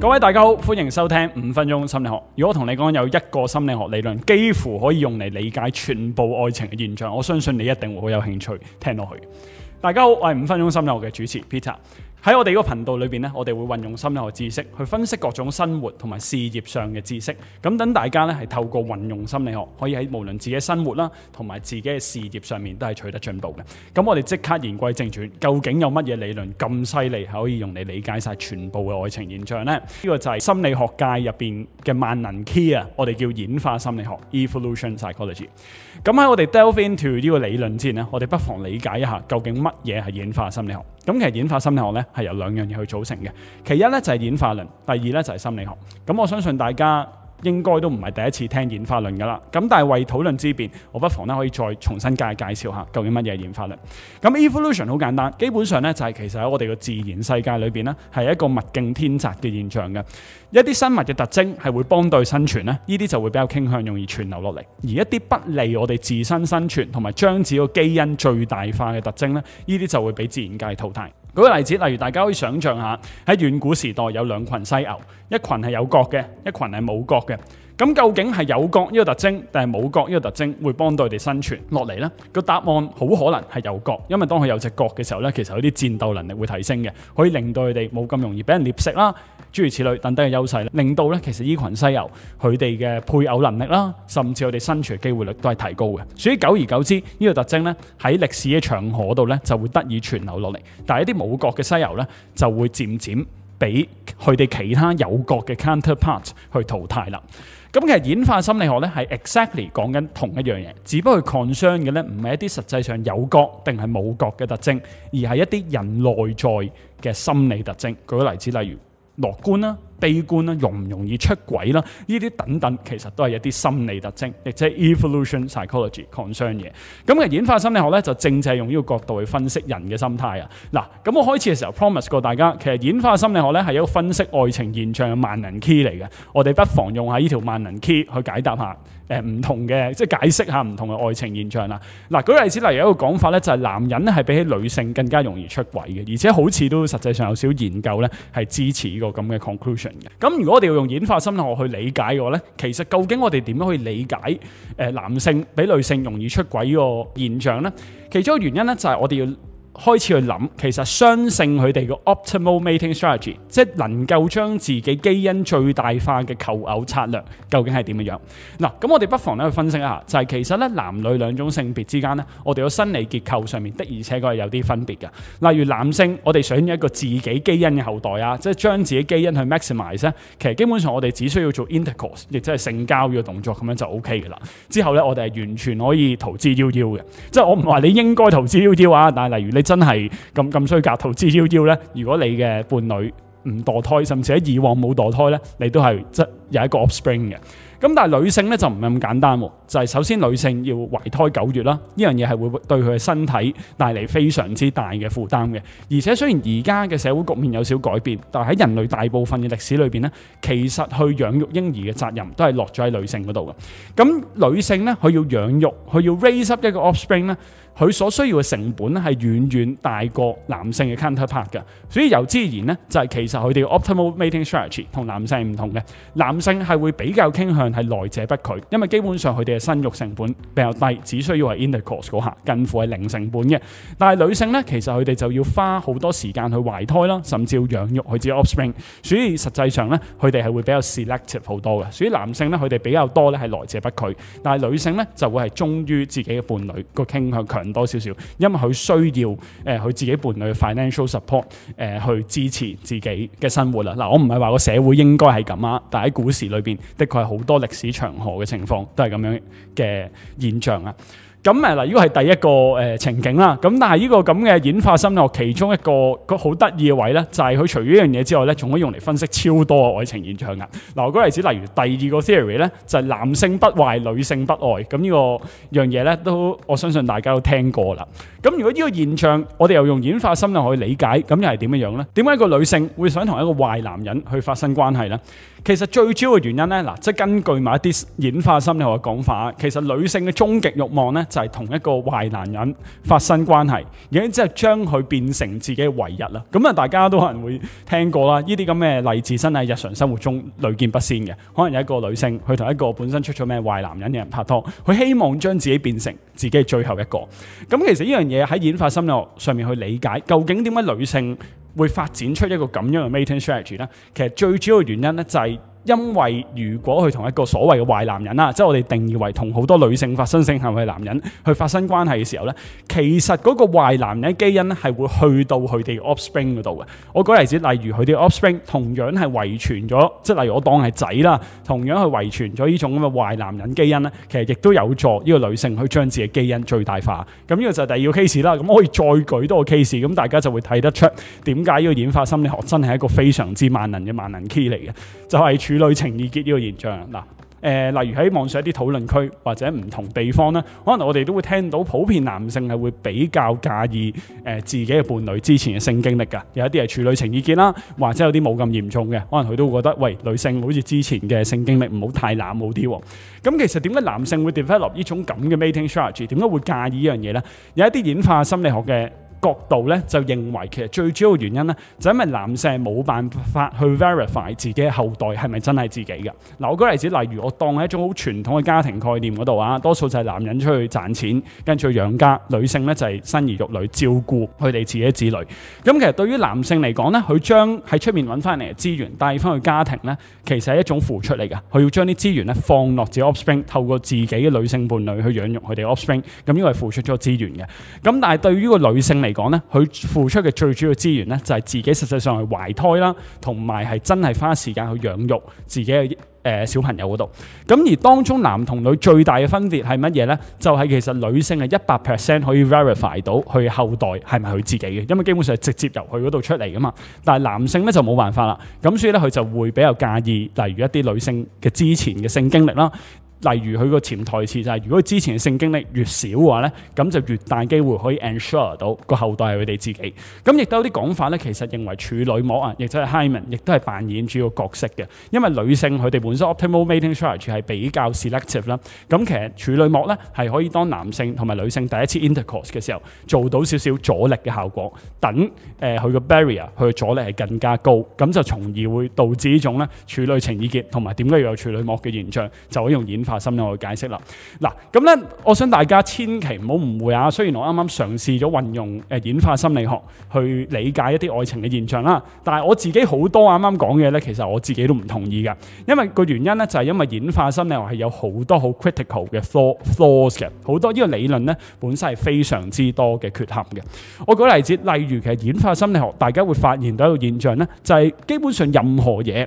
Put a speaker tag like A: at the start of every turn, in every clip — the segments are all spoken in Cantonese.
A: 各位大家好，歡迎收聽五分鐘心理學。如果同你講有一個心理學理論，幾乎可以用嚟理解全部愛情嘅現象，我相信你一定會好有興趣聽落去。大家好，我係五分鐘心理學嘅主持 Peter。喺我哋個頻道裏邊呢，我哋會運用心理學知識去分析各種生活同埋事業上嘅知識，咁等大家呢，係透過運用心理學，可以喺無論自己嘅生活啦，同埋自己嘅事業上面都係取得進步嘅。咁我哋即刻言歸正傳，究竟有乜嘢理論咁犀利，係可以用嚟理解晒全部嘅愛情現象呢？呢個就係心理學界入邊嘅萬能 key 啊！我哋叫演化心理學 （Evolution Psychology）。咁喺我哋 delve into 呢個理論之前呢，我哋不妨理解一下究竟乜嘢係演化心理學。咁其實演化心理學咧係由兩樣嘢去組成嘅，其一咧就係演化論，第二咧就係心理學。咁我相信大家，應該都唔係第一次聽演化論㗎啦，咁但係為討論之便，我不妨可以再重新介介紹一下究竟乜嘢係演化論。咁 evolution 好簡單，基本上呢就係其實喺我哋個自然世界裏面，呢係一個物競天擇嘅現象嘅，一啲生物嘅特徵係會幫對生存呢呢啲就會比較傾向容易傳流落嚟，而一啲不利我哋自身生存同埋將自己嘅基因最大化嘅特徵呢啲就會俾自然界淘汰。舉個例子，例如大家可以想像一下，喺遠古時代有兩群犀牛，一群係有角嘅，一群係冇角嘅。咁究竟係有角呢個特徵，定係冇角呢個特徵會幫到佢哋生存落嚟呢？個答案好可能係有角，因為當佢有隻角嘅時候呢，其實有啲戰鬥能力會提升嘅，可以令到佢哋冇咁容易俾人獵食啦，諸如此類等等嘅優勢，令到呢，其實呢群犀牛佢哋嘅配偶能力啦，甚至佢哋生存嘅機會率都係提高嘅。所以久而久之，呢個特徵呢，喺歷史嘅長河度呢，就會得以存留落嚟，但係一啲冇角嘅犀牛呢，就會漸漸俾佢哋其他有角嘅 counterpart 去淘汰啦。咁其實演化心理學咧係 exactly 講緊同一樣嘢，只不過 concern 嘅咧唔係一啲實際上有角定係冇角嘅特徵，而係一啲人內在嘅心理特徵。舉個例子，例如樂觀啦，悲觀啦，容唔容易出軌啦，呢啲等等其實都係一啲心理特徵，亦即係 evolution psychology concern 嘢。咁嘅演化心理學咧就正正係用呢個角度去分析人嘅心態啊。嗱，咁我開始嘅時候 promise 過大家，其實演化心理學咧係一個分析愛情現象嘅萬能 key 嚟嘅。我哋不妨用下呢條萬能 key 去解答下呃、唔同嘅，即係解釋下唔同嘅愛情現象啦。嗱，舉個例子，例如一個講法咧就係、是、男人係比起女性更加容易出軌嘅，而且好似都實際上有少研究咧係支持呢個咁嘅 conclusion。咁如果我哋要用演化心理學去理解嘅話咧，其實究竟我哋點樣去理解誒男性比女性容易出軌呢個現象咧？其中一個原因咧就係我哋要。開始去諗，其實雙性佢哋嘅 optimal mating strategy，即係能夠將自己基因最大化嘅求偶策略，究竟係點樣樣？嗱，咁我哋不妨咧去分析一下，就係、是、其實咧男女兩種性別之間咧，我哋個生理結構上面的而且確係有啲分別嘅。例如男性，我哋想一個自己基因嘅後代啊，即係將自己基因去 maximize 咧、啊，其實基本上我哋只需要做 intercourse，亦即係性交呢個動作咁樣就 O K 嘅啦。之後咧我哋係完全可以逃之夭夭嘅，即係我唔話你應該逃之夭夭啊，但係例如你你真係咁咁衰格，逃之夭夭咧！如果你嘅伴侶唔墮胎，甚至喺以往冇墮胎咧，你都係有一個 offspring 嘅，咁但係女性咧就唔係咁簡單，就係首先女性要懷胎九月啦，呢樣嘢係會對佢嘅身體帶嚟非常之大嘅負擔嘅。而且雖然而家嘅社會局面有少改變，但係喺人類大部分嘅歷史裏面咧，其實去養育嬰兒嘅責任都係落咗喺女性嗰度嘅。咁女性咧佢要養育佢要 raise up 一個 offspring 咧，佢所需要嘅成本咧係遠遠大過男性嘅 counterpart 嘅。所以由之而然咧就係其實佢哋嘅 optimal mating strategy 同男性唔同嘅男。男性係會比較傾向係來者不拒，因為基本上佢哋嘅生育成本比較低，只需要係 intercourse 嗰下，近乎係零成本嘅。但係女性咧，其實佢哋就要花好多時間去懷胎啦，甚至要養育佢自己嘅 offspring，所以實際上咧，佢哋係會比較 selective 好多嘅。所以男性咧，佢哋比較多咧係來者不拒，但係女性咧就會係忠於自己嘅伴侶個傾向強多少少，因為佢需要誒佢，呃、自己伴侶嘅 financial support 誒，呃、去支持自己嘅生活啦。嗱，啊，我唔係話個社會應該係咁啊，但係喺股股市裏邊的確係好多歷史長河嘅情況，都係咁樣嘅現象啊。咁誒嗱，呢個係第一個誒、呃、情景啦。咁但係呢、這個咁嘅演化心理學其中一個好得意嘅位咧，就係、是、佢除咗呢樣嘢之外咧，仲可以用嚟分析超多嘅愛情現象噶。嗱，舉個例子，例如第二個 theory 咧，就係、是、男性不壞，女性不愛。咁呢個樣嘢咧，都我相信大家都聽過啦。咁如果呢個現象，我哋又用演化心理學去理解，咁又係點樣樣咧？點解一個女性會想同一個壞男人去發生關係咧？其實最主要嘅原因呢，嗱，即係根據埋一啲演化心理學嘅講法，其實女性嘅終極慾望呢，就係同一個壞男人發生關係，而且之後將佢變成自己嘅唯一啦。咁啊，大家都可能會聽過啦，呢啲咁嘅例子真係日常生活中屢見不鮮嘅。可能有一個女性去同一個本身出咗咩壞男人嘅人拍拖，佢希望將自己變成自己最後一個。咁其實呢樣嘢喺演化心理學上面去理解，究竟點解女性會發展出一個這樣嘅 m a i n t i n g n strategy 其實最主要的原因呢，就係、是。因為如果佢同一個所謂嘅壞男人啦，即係我哋定義為同好多女性發生性行為嘅男人，去發生關係嘅時候咧，其實嗰個壞男人基因咧，係會去到佢哋嘅 offspring 嗰度嘅。我舉例子，例如佢哋 offspring 同樣係遺傳咗，即係例如我當係仔啦，同樣係遺傳咗呢種咁嘅壞男人基因咧，其實亦都有助呢個女性去將自己嘅基因最大化。咁呢個就係第二個 case 啦。咁我可以再舉多個 case，咁大家就會睇得出點解呢個演化心理學真係一個非常之萬能嘅萬能 key 嚟嘅，就係。處女情意結呢個現象嗱，誒、呃，例如喺網上一啲討論區或者唔同地方咧，可能我哋都會聽到普遍男性係會比較介意誒、呃、自己嘅伴侶之前嘅性經歷噶，有一啲係處女情意結啦，或者有啲冇咁嚴重嘅，可能佢都會覺得喂，女性好似之前嘅性經歷唔好太濫好啲。咁其實點解男性會 develop 呢種咁嘅 mating strategy？點解會介意這件事呢樣嘢咧？有一啲演化心理學嘅。角度咧就認為其實最主要嘅原因咧就係、因為男性冇辦法去 verify 自己嘅後代係咪真係自己嘅。嗱、啊、我舉個例子，例如我當係一種好傳統嘅家庭概念嗰度啊，多數就係男人出去賺錢，跟住去養家，女性咧就係、係、生兒育女照顧佢哋自己嘅子女。咁其實對於男性嚟講咧，佢將喺出面揾翻嚟嘅資源帶翻去家庭咧，其實係一種付出嚟嘅。佢要將啲資源咧放落自己嘅 offspring，透過自己嘅女性伴侶去養育佢哋 offspring，咁呢個係付出咗資源嘅。咁但係對於呢個女性嚟，嚟講咧，佢付出嘅最主要資源咧，就係自己實際上係懷胎啦，同埋係真係花時間去養育自己嘅誒小朋友嗰度。咁而當中男同女最大嘅分別係乜嘢咧？就係其實女性係一百 percent 可以 verify 到，佢後代係咪佢自己嘅，因為基本上係直接由佢嗰度出嚟噶嘛。但係男性咧就冇辦法啦，咁所以咧佢就會比較介意，例如一啲女性嘅之前嘅性經歷啦。例如佢個潛台詞就係，如果之前嘅性經歷越少嘅話咧，咁就越大機會可以 ensure 到個後代係佢哋自己。咁亦都有啲講法咧，其實認為處女膜啊，亦都係 Hymen，亦都係扮演主要的角色嘅，因為女性佢哋本身 optimal mating strategy 係比較 selective 啦。咁其實處女膜咧係可以當男性同埋女性第一次 intercourse 嘅時候做到少少阻力嘅效果，等誒佢、呃、個 barrier 佢嘅阻力係更加高，咁就從而會導致這種呢種咧處女情意結同埋點解要有處女膜嘅現象，就可以用演化化心理學，我解釋啦。嗱，咁咧，我想大家千祈唔好誤會啊。雖然我啱啱嘗試咗運用誒演化心理學去理解一啲愛情嘅現象啦，但係我自己好多啱啱講嘅咧，其實我自己都唔同意嘅。因為個原因咧，就係因為演化心理學係有好多好 critical 嘅 flaw flaws 嘅，好多呢個理論咧本身係非常之多嘅缺陷嘅。我舉例子，例如其實演化心理學，大家會發現到一個現象咧，就係基本上任何嘢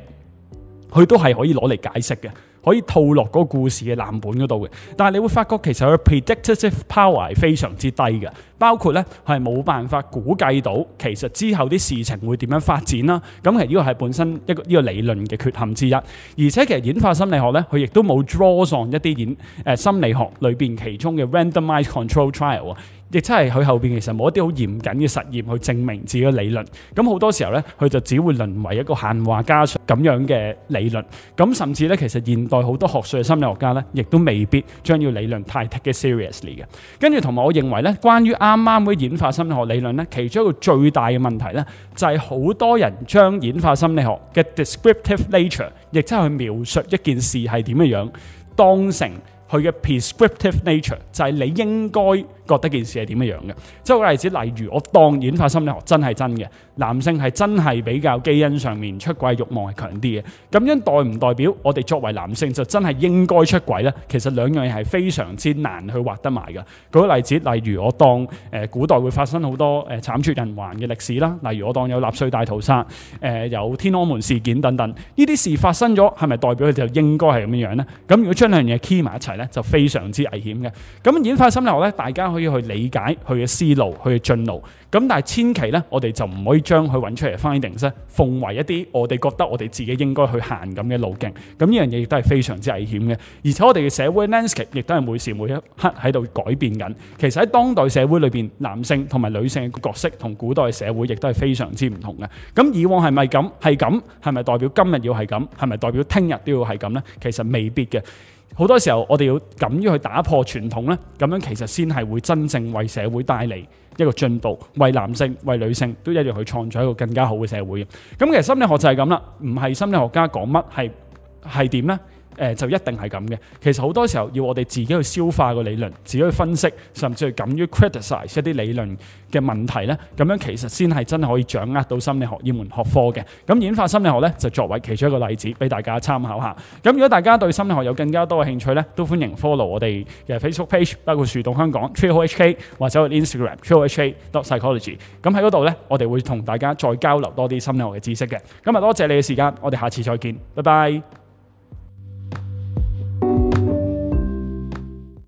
A: 佢都係可以攞嚟解釋嘅。可以套落嗰個故事嘅藍本嗰度嘅，但係你會發覺其實佢 predictive power 係非常之低嘅。包括咧，係冇辦法估計到其實之後啲事情會點樣發展啦。咁其實呢個係本身一個呢個理論嘅缺陷之一。而且其實演化心理學咧，佢亦都冇 draws on 一啲演誒心理學裏邊其中嘅 randomized control trial，亦即係佢後邊其實冇一啲好嚴謹嘅實驗去證明自己嘅理論。咁好多時候咧，佢就只會淪為一個閒話家常咁樣嘅理論。咁甚至咧，其實現代好多學術嘅心理學家咧，亦都未必將要理論太 take it seriously 嘅。跟住同埋，我認為咧，關於阿啱啱會演化心理學理論咧，其中一個最大嘅問題咧，就係好多人將演化心理學嘅 descriptive nature，亦即係去描述一件事係點嘅樣，當成佢嘅 prescriptive nature，就係你應該。覺得件事係點樣樣嘅？即係個例子，例如我當演化心理學真係真嘅，男性係真係比較基因上面出軌欲望係強啲嘅。咁樣代唔代表我哋作為男性就真係應該出軌呢？其實兩樣嘢係非常之難去畫得埋嘅。舉個例子，例如我當誒古代會發生好多誒慘絕人寰嘅歷史啦，例如我當有納粹大屠殺、誒有天安門事件等等，呢啲事發生咗，係咪代表佢就應該係咁樣樣呢？咁如果將兩樣嘢 key 埋一齊呢，就非常之危險嘅。咁演化心理學呢，大家。可以去理解佢嘅思路，佢嘅進路。咁但係千祈呢，我哋就唔可以將佢揾出嚟嘅 finding 咧，奉為一啲我哋覺得我哋自己應該去行咁嘅路徑。咁呢樣嘢亦都係非常之危險嘅。而且我哋嘅社會 landscape 亦都係每時每一刻喺度改變緊。其實喺當代社會裏面，男性同埋女性嘅角色同古代嘅社會亦都係非常之唔同嘅。咁以往係咪咁？係咁係咪代表今日要係咁？係咪代表聽日都要係咁呢？其實未必嘅。好多時候，我哋要敢於去打破傳統呢，咁樣其實先係會真正為社會帶嚟一個進步，為男性、為女性都一樣去創造一個更加好嘅社會嘅。咁其實心理學就係咁啦，唔係心理學家講乜係係點呢？呃、就一定係咁嘅。其實好多時候要我哋自己去消化個理論，自己去分析，甚至係敢於 c r i t i c i z e 一啲理論嘅問題呢。咁樣其實先係真係可以掌握到心理學呢門學科嘅。咁演化心理學呢，就作為其中一個例子俾大家參考下。咁如果大家對心理學有更加多嘅興趣呢，都歡迎 follow 我哋嘅 Facebook page，包括樹洞香港 Treehole HK 或者 Instagram Treehole HK Psychology。咁喺嗰度呢，我哋會同大家再交流多啲心理學嘅知識嘅。咁啊，多謝你嘅時間，我哋下次再見，拜拜。